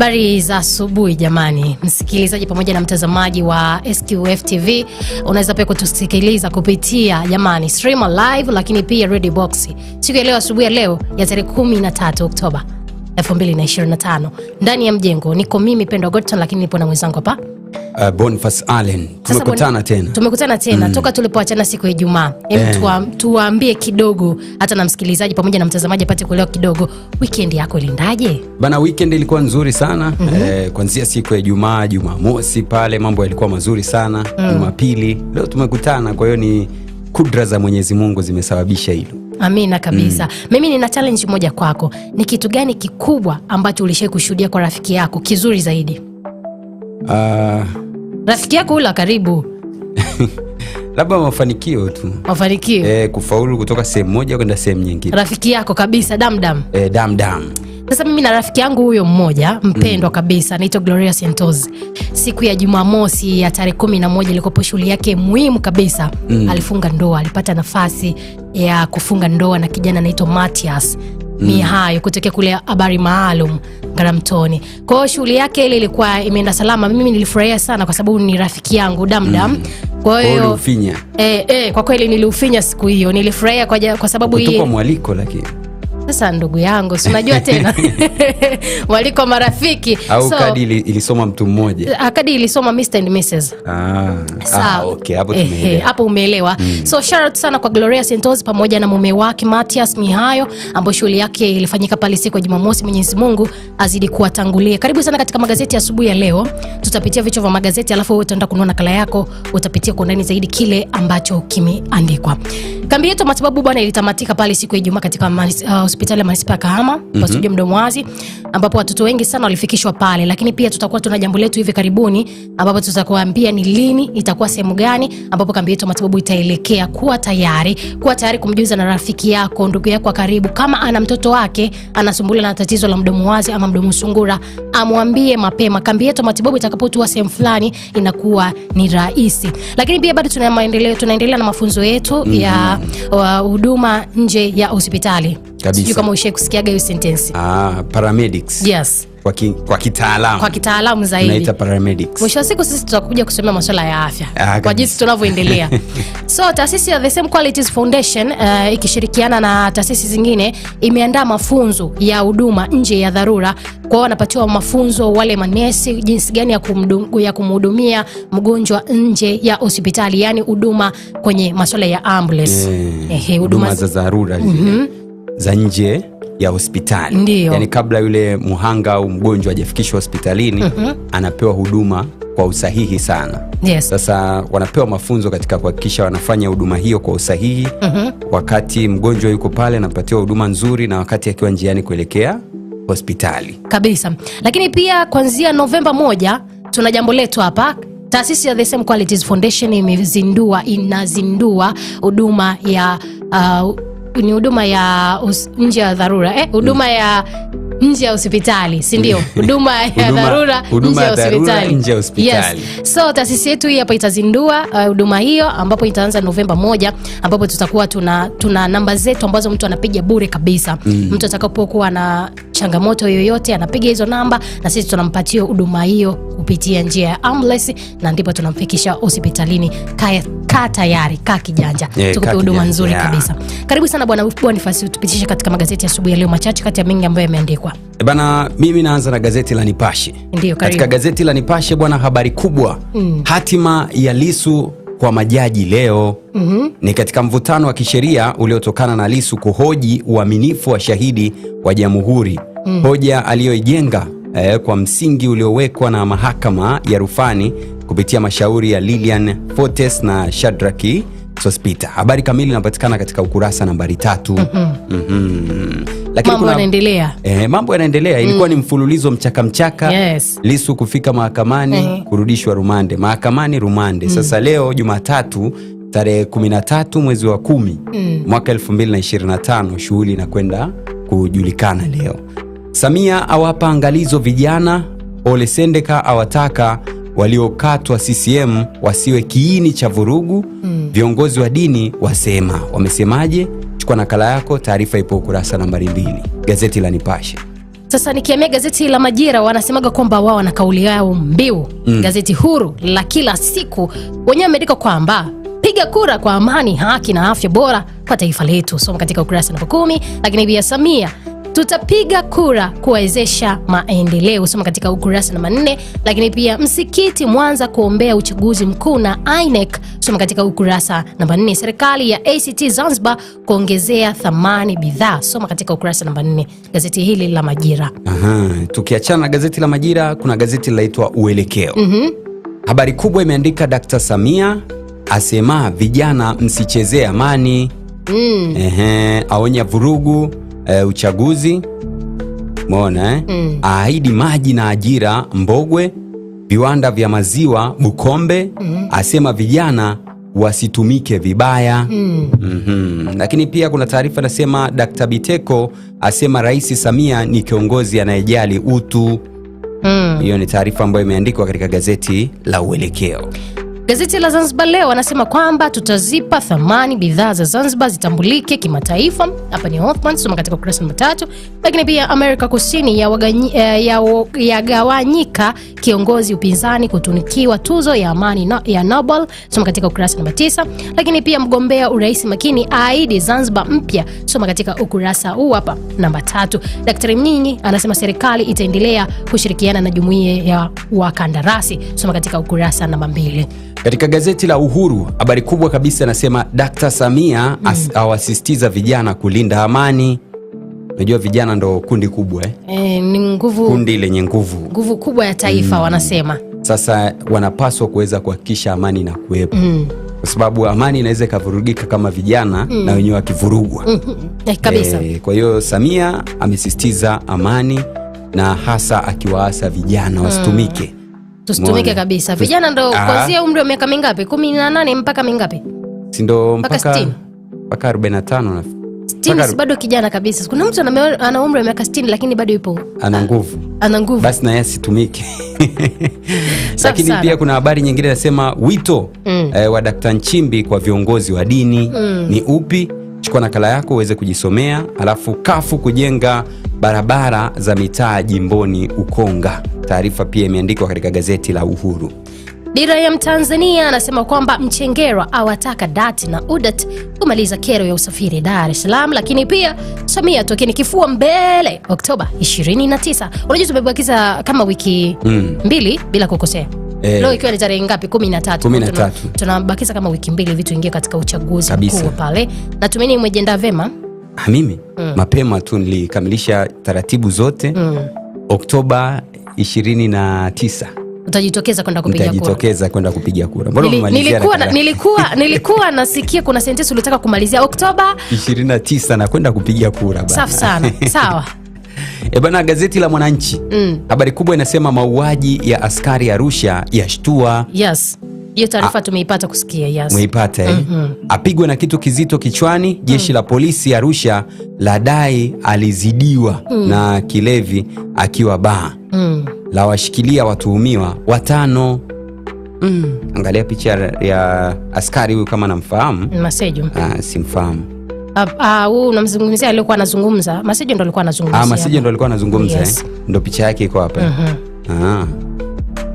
Habari za asubuhi jamani, msikilizaji pamoja na mtazamaji wa SQF TV. Unaweza pia kutusikiliza kupitia jamani, stream live, lakini pia radio box siku ya leo, asubuhi ya leo ya tarehe 13 Oktoba 2025 ndani ya mjengo. Niko mimi Pendo Godson, lakini nipo na mwenzangu hapa Uh, Boniface Allen tumekutana tena, tumekutana tena mm. Toka tulipoachana siku ya Ijumaa tuwa, eh. Tuwaambie kidogo hata na msikilizaji pamoja na mtazamaji apate kuelewa kidogo, weekend yako ilindaje? bana? Weekend ilikuwa nzuri sana mm -hmm. Eh, kuanzia siku ya Ijumaa, Jumamosi pale mambo yalikuwa mazuri sana mm. Jumapili leo tumekutana, kwa hiyo ni kudra za Mwenyezi Mungu zimesababisha hilo. Amina kabisa mm. Mimi nina challenge moja kwako, ni kitu gani kikubwa ambacho ulishai kushuhudia kwa rafiki yako kizuri zaidi? Uh, ah. rafiki yako ula karibu labda mafanikio tu, mafanikio e, kufaulu kutoka sehemu moja kwenda sehemu nyingine. Rafiki yako kabisa damdam, e, eh, damdam. Sasa mimi na rafiki yangu huyo mmoja mpendwa mm. kabisa anaitwa Gloria sentos Siku ya Jumamosi ya tarehe kumi na moja ilikopo shughuli yake muhimu kabisa mm. alifunga ndoa, alipata nafasi ya kufunga ndoa na kijana anaitwa Matias Mihayo mm. kutokea kule habari maalum garamtoni Kwa hiyo shughuli yake ile ilikuwa imeenda salama. Mimi nilifurahia sana kwa sababu ni rafiki yangu damdam. Mm. Kwa hiyo eh, eh, kwa kweli niliufinya siku hiyo, nilifurahia kwa, kwa sababu mwaliko lakini sasa ndugu yangu, si unajua tena waliko marafiki au so, kadi ili, ilisoma mtu mmoja, ah, kadi ilisoma Mr and Mrs. Ah, so, ah, okay, hapo tumeelewa, hapo umeelewa mm. So shout out sana kwa Gloria Santos pamoja na mume wake Matias Mihayo ambayo shughuli yake ilifanyika pale siku ya Jumamosi. Mwenyezi Mungu azidi kuwatangulia. Karibu sana katika magazeti asubuhi ya, ya leo. Tutapitia vichwa vya magazeti alafu wewe utaenda kunua nakala yako, utapitia kwa ndani zaidi kile ambacho kimeandikwa. Kambi yetu matibabu bwana ilitamatika pale siku ya Ijumaa katika uh, hospitali ya Manispaa ya Kahama mm-hmm. Studio Mdomo Wazi ambapo watoto wengi sana walifikishwa pale, lakini pia tutakuwa tuna jambo letu hivi karibuni ambapo tutakuambia ni lini, itakuwa sehemu gani ambapo kambi yetu ya matibabu itaelekea. Kuwa tayari, kuwa tayari kumjuza na rafiki yako, ndugu yako wa karibu, kama ana mtoto wake anasumbula na tatizo la mdomo wazi ama mdomo sungura, amwambie mapema. Kambi yetu ya matibabu itakapotua sehemu fulani, inakuwa ni rahisi. Lakini pia bado tuna maendeleo, tunaendelea na mafunzo yetu mm -hmm. ya mhm. huduma nje ya hospitali. Sijui kama ushai kusikiaga hiyo sentensi. Ah, paramedics. Yes. Kwa, ki, kwa kitaalamu kwa kitaalamu zaidi naita paramedics. Mwisho wa siku sisi tutakuja kusomea masuala ya afya ah, kwa jinsi tunavyoendelea so taasisi ya The Same Qualities Foundation uh, ikishirikiana na taasisi zingine imeandaa mafunzo ya huduma nje ya dharura kwao, wanapatiwa mafunzo wale manesi jinsi gani ya, kumdu, ya kumhudumia mgonjwa nje ya hospitali, yani huduma kwenye masuala ya ambulance, eh, huduma za dharura mm -hmm za nje ya hospitali. Ndiyo. Yani kabla yule muhanga au mgonjwa ajafikishwa hospitalini mm -hmm. anapewa huduma kwa usahihi sana. Yes. Sasa wanapewa mafunzo katika kuhakikisha wanafanya huduma hiyo kwa usahihi mm -hmm. wakati mgonjwa yuko pale anapatiwa huduma nzuri na wakati akiwa njiani kuelekea hospitali kabisa. Lakini pia kuanzia Novemba moja tuna jambo letu hapa Taasisi ya The Same Qualities Foundation imezindua inazindua huduma ya uh, ni huduma ya nje ya dharura eh, huduma ya nje ya hospitali si ndio? huduma ya dharura nje ya hospitali yes. So taasisi yetu hii hapa itazindua uh, huduma uh, hiyo ambapo itaanza Novemba moja, ambapo tutakuwa tuna, tuna namba zetu ambazo mtu anapiga bure kabisa mm. mtu atakapokuwa na changamoto yoyote anapiga hizo namba na sisi tunampatia huduma hiyo kupitia njia ya ambulance na ndipo tunamfikisha hospitalini kaya kaa tayari, kaa kijanja, yeah, tukupe huduma nzuri yeah. kabisa. Karibu sana bwana Bonifasi, tupitishe katika magazeti ya asubuhi yaliyo machache kati ya mengi ambayo yameandikwa. Eh, bana, mimi naanza na gazeti la Nipashe. Ndiyo, katika gazeti la Nipashe bwana, habari kubwa mm. hatima ya Lisu kwa majaji leo mm -hmm. Ni katika mvutano wa kisheria uliotokana na Lisu kuhoji uaminifu wa shahidi wa jamhuri mm. hoja aliyoijenga eh, kwa msingi uliowekwa na mahakama ya rufani kupitia mashauri ya Lilian Fortes na Shadraki Sospita. Habari kamili inapatikana katika ukurasa nambari tatu. mm mm -hmm. Lakini mambo yanaendelea eh, mambo yanaendelea. Ilikuwa mm. ni mfululizo mchakamchaka mchaka. Yes. Lisu kufika mahakamani mm. kurudishwa rumande, mahakamani rumande. mm. Sasa leo Jumatatu tarehe 13 mwezi wa kumi mm. mwaka 2025 shughuli inakwenda kujulikana leo. Samia awapa angalizo vijana. Ole Sendeka awataka waliokatwa CCM wasiwe kiini cha vurugu mm. Viongozi wa dini wasema, wamesemaje? Chukua nakala yako, taarifa ipo ukurasa nambari mbili, gazeti la Nipashe. Sasa nikiamia gazeti la Majira, wanasemaga kwamba wao wana kauli yao mbiu mm. Gazeti huru la kila siku wenyewe wameandika kwamba piga kura kwa amani, haki na afya bora kwa taifa letu, soma katika ukurasa namba kumi. Lakini pia Samia tutapiga kura kuwawezesha maendeleo, soma katika ukurasa na manne Lakini pia msikiti Mwanza kuombea uchaguzi mkuu na INEC, soma katika ukurasa namba nne. Serikali ya ACT Zanzibar kuongezea thamani bidhaa, soma katika ukurasa namba nne, gazeti hili la Majira. Aha, tukiachana na gazeti la Majira kuna gazeti linaitwa Uelekeo. mm -hmm. Habari kubwa imeandika Dr. Samia asema vijana msichezee amani. mm. Ehe, aonya vurugu e, uchaguzi umeona eh? mm. Aahidi maji na ajira Mbogwe, viwanda vya maziwa Bukombe mm. Asema vijana wasitumike vibaya mm. Mm -hmm. Lakini pia kuna taarifa inasema Dkt. Biteko asema Rais Samia ni kiongozi anayejali utu mm. hiyo mm. Ni taarifa ambayo imeandikwa katika gazeti la Uelekeo. Gazeti la Zanzibar Leo wanasema kwamba tutazipa thamani bidhaa za Zanzibar zitambulike kimataifa. Hapa ni Othman, soma katika ukurasa namba tatu. Lakini pia Amerika Kusini eh, yagawanyika, ya ya kiongozi upinzani kutunikiwa tuzo ya amani no, ya Nobel, soma katika ukurasa namba tisa. Lakini pia mgombea urais Makini aidi Zanzibar mpya, soma katika ukurasa huu hapa namba tatu. Daktari Mnyinyi anasema serikali itaendelea kushirikiana na jumuiya ya wakandarasi, soma katika ukurasa namba mbili. Katika gazeti la Uhuru habari kubwa kabisa nasema Dkt. Samia mm. awasisitiza vijana kulinda amani. Unajua vijana ndo kundi kubwa eh? eh? ni nguvu, kundi lenye nguvu nguvu kubwa ya taifa mm. wanasema sasa wanapaswa kuweza kuhakikisha amani na kuwepo mm. kwa sababu amani inaweza ikavurugika kama vijana mm. na wenyewe wakivurugwa mm -hmm. kabisa. E, kwa hiyo Samia amesisitiza amani na hasa akiwaasa vijana mm. wasitumike mm tusitumike kabisa. Vijana ndo ah. kwanzia umri wa miaka mingapi? kumi na nane mpaka mingapi? sindo mpaka sitini bado kijana kabisa. Kuna mtu ana umri wa miaka sti lakini bado yupo ana nguvu, ana nguvu, basi naye asitumike. Lakini pia kuna habari nyingine nasema wito mm. eh, wa dakta Nchimbi kwa viongozi wa dini mm. ni upi? Chukua nakala yako uweze kujisomea, alafu kafu kujenga barabara za mitaa jimboni Ukonga. Taarifa pia imeandikwa katika gazeti la Uhuru. Dira ya Mtanzania anasema kwamba Mchengerwa awataka dati na UDAT kumaliza kero ya usafiri Dar es Salaam, lakini pia Samia tokeni kifua mbele Oktoba 29. Unajua tumebakiza kama wiki mm. mbili bila kukosea eh. Leo ikiwa ni tarehe ngapi? 13. Tunabakiza kama wiki mbili vitu tuingie katika uchaguzi mkuu pale. Natumaini umejiandaa vema Ah, mimi mm. mapema tu nilikamilisha taratibu zote mm. Oktoba 29 utajitokeza kwenda kupiga kura. Utajitokeza kwenda kupiga kura. Mbona umemalizia? Nilikuwa nilikuwa nilikuwa nasikia kuna sentensi ulitaka kumalizia Oktoba 29 na kwenda kupiga kura bana. Safi sana. Sawa. E bana, gazeti la Mwananchi mm. habari kubwa inasema mauaji ya askari Arusha yashtua. Yes hiyo taarifa tumeipata kusikia, yes. meipata eh? mm -hmm. apigwe na kitu kizito kichwani. Jeshi mm. la polisi Arusha ladai alizidiwa mm. na kilevi akiwa baa mm. la washikilia watuhumiwa watano. mm. Angalia picha ya askari huyu, kama namfahamu Masejo. Ah, simfahamu ah, ah, huyu. Unamzungumzia aliyekuwa anazungumza Masejo? Ah, ndo alikuwa anazungumza Masejo, eh? ndo alikuwa anazungumza, ndo picha yake iko hapa. mm -hmm. ah.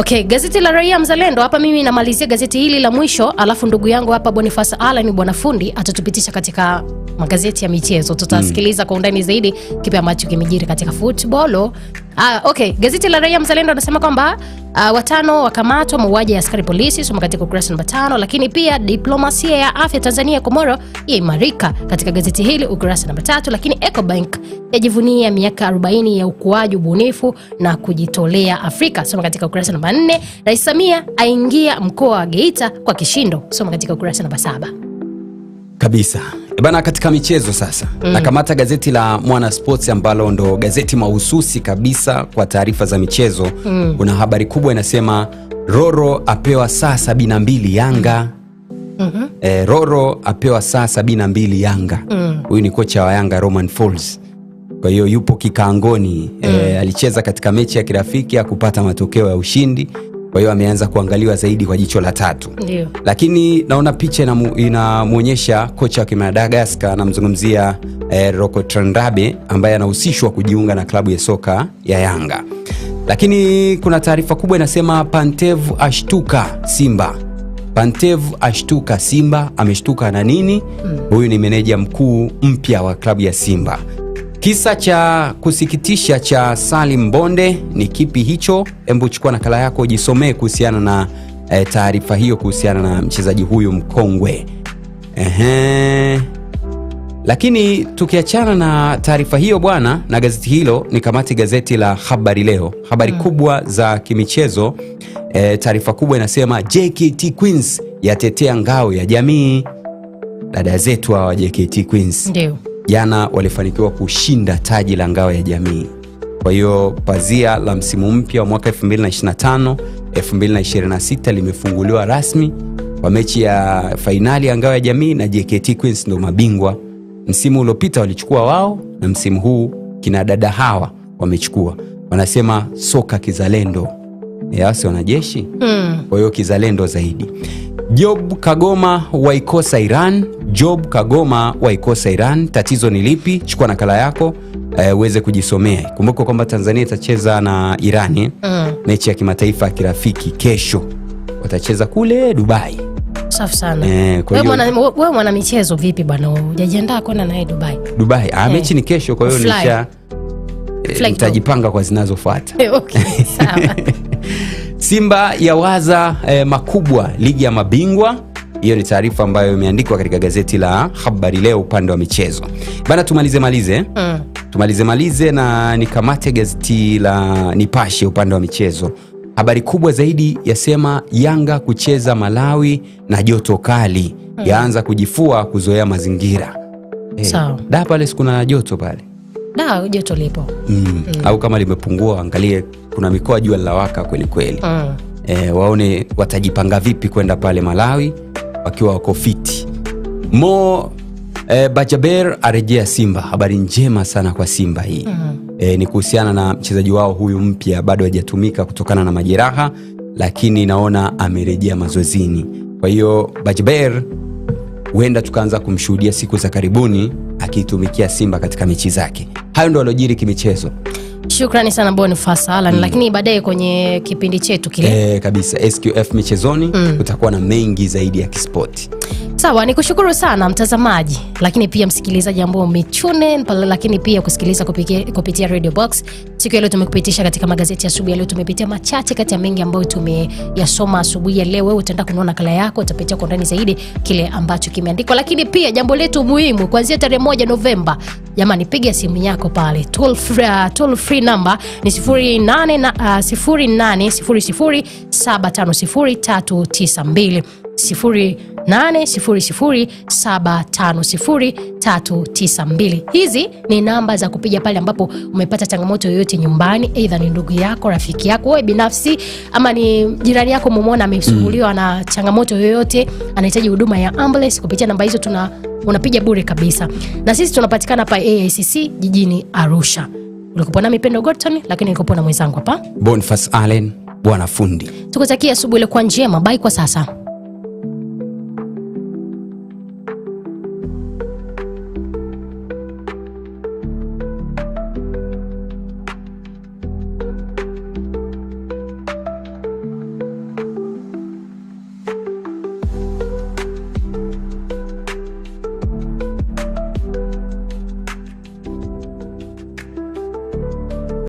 Okay, gazeti la Raia Mzalendo hapa mimi namalizia gazeti hili la mwisho, alafu ndugu yangu hapa Boniface Allan Bwana Fundi atatupitisha katika magazeti ya michezo. Tutasikiliza mm. kwa undani zaidi kipi ambacho kimejiri katika football Uh, okay, gazeti la Raia Mzalendo anasema kwamba uh, watano wakamatwa mauaji ya askari polisi, soma katika ukurasa namba tano. Lakini pia diplomasia ya afya Tanzania Komoro yaimarika katika gazeti hili ukurasa namba tatu. Lakini Ecobank yajivunia miaka 40 ya ukuaji, ubunifu na kujitolea Afrika, soma katika ukurasa namba nne. Rais Samia aingia mkoa wa Geita kwa kishindo, soma katika ukurasa namba saba kabisa. Eh, bana, katika michezo sasa mm. nakamata gazeti la Mwana Sports ambalo ndo gazeti mahususi kabisa kwa taarifa za michezo mm. una habari kubwa inasema Roro apewa saa 72 Yanga mm -hmm. E, Roro apewa saa 72 Yanga mm. huyu ni kocha wa Yanga Roman Falls, kwa hiyo yupo kikaangoni mm. E, alicheza katika mechi ya kirafiki akupata matokeo ya ushindi kwa hiyo ameanza kuangaliwa zaidi kwa jicho la tatu. Ndiyo. Lakini naona picha inamwonyesha kocha wa kimadagaska anamzungumzia eh, Roko Trandabe ambaye anahusishwa kujiunga na klabu ya soka ya Yanga. Lakini kuna taarifa kubwa inasema Pantev ashtuka Simba. Pantev ashtuka Simba, ameshtuka na nini? Hmm. Huyu mm. ni meneja mkuu mpya wa klabu ya Simba. Kisa cha kusikitisha cha Salim Bonde ni kipi hicho? Hebu chukua nakala yako ujisomee kuhusiana na e, taarifa hiyo kuhusiana na mchezaji huyu mkongwe. Ehe. Lakini tukiachana na taarifa hiyo bwana na gazeti hilo, ni kamati gazeti la Habari Leo, habari mm, kubwa za kimichezo e, taarifa kubwa inasema JKT Queens yatetea ngao ya jamii. Dada zetu hawa JKT Queens ndio jana walifanikiwa kushinda taji la ngao ya jamii. Kwa hiyo pazia la msimu mpya wa mwaka 2025 2026 limefunguliwa rasmi kwa mechi ya fainali ya ngao ya jamii, na JKT Queens ndio mabingwa. Msimu uliopita walichukua wao, na msimu huu kina dada hawa wamechukua. Wanasema soka kizalendo asi wanajeshi mm. Kwa hiyo kizalendo zaidi. Job Kagoma waikosa Iran, Job Kagoma waikosa Iran. Tatizo ni lipi? Chukua nakala yako eh, uweze e, kujisomea. Kumbuka kwamba Tanzania itacheza na Irani eh? mm. mechi ya kimataifa ya kirafiki kesho, watacheza kule Dubai. Safi Eh, mwana vipi bwana? ujajiandaa kwenda naye Dubai? Dubai. Ah, eh. mechi ni kesho, kwa hiyo kwa zinazofuata. Okay, Simba waza eh, makubwa ligi ya mabingwa. Hiyo ni taarifa ambayo imeandikwa katika gazeti la Habari Leo upande wa michezo bana. Tumalize malize eh? mm. tumalize malize na nikamate gazeti la Nipashe upande wa michezo. Habari kubwa zaidi yasema Yanga kucheza Malawi na joto kali mm. yaanza kujifua kuzoea mazingira hey. Eh, Sawa. Da, pale kuna joto pale da, joto lipo mm. Mm. au kama limepungua angalie kuna mikoa jua lilawaka kweli kweli. Mm. E, waone watajipanga vipi kwenda pale Malawi wakiwa wako fiti. Mo e, Bajaber arejea Simba. Habari njema sana kwa Simba hii. Mm. E, ni kuhusiana na mchezaji wao huyu mpya, bado hajatumika kutokana na majeraha, lakini naona amerejea mazoezini. Kwa hiyo Bajaber huenda tukaanza kumshuhudia siku za karibuni akiitumikia Simba katika mechi zake. Hayo ndo alojiri kimichezo. Shukrani sana Boniface Alan mm. Lakini baadaye kwenye kipindi chetu kile e, kabisa SQF michezoni mm. Utakuwa na mengi zaidi ya kispoti. Sawa, ni kushukuru sana mtazamaji, lakini pia msikilizaji ambao umechune lakini pia kusikiliza kupitia, kupitia Radio Box. Siku yaleo tumekupitisha katika magazeti ya asubuhi yaleo tumepitia machache kati ya mengi ambayo tumeyasoma asubuhi ya leo. Wewe utaenda kunua nakala yako, utapitia kwa undani zaidi kile ambacho kimeandikwa, lakini pia jambo letu muhimu, kuanzia tarehe moja Novemba, jamani, piga simu yako pale toll uh, ni 08 uh, 0800750392. Hizi ni namba za kupiga pale ambapo umepata changamoto yoyote nyumbani, aidha ni ndugu yako, rafiki yako, wewe binafsi, ama ni jirani yako umemwona amesumbuliwa na changamoto yoyote, anahitaji huduma ya ambulance. Kupitia namba hizo tuna unapiga bure kabisa, na sisi tunapatikana pa AICC jijini Arusha. Ulikupo nami Pendo Gorton, lakini nilikuwa na mwenzangu hapa Boniface Allen, bwana fundi. Tukutakia asubuhi ile kwa njema. bai kwa sasa.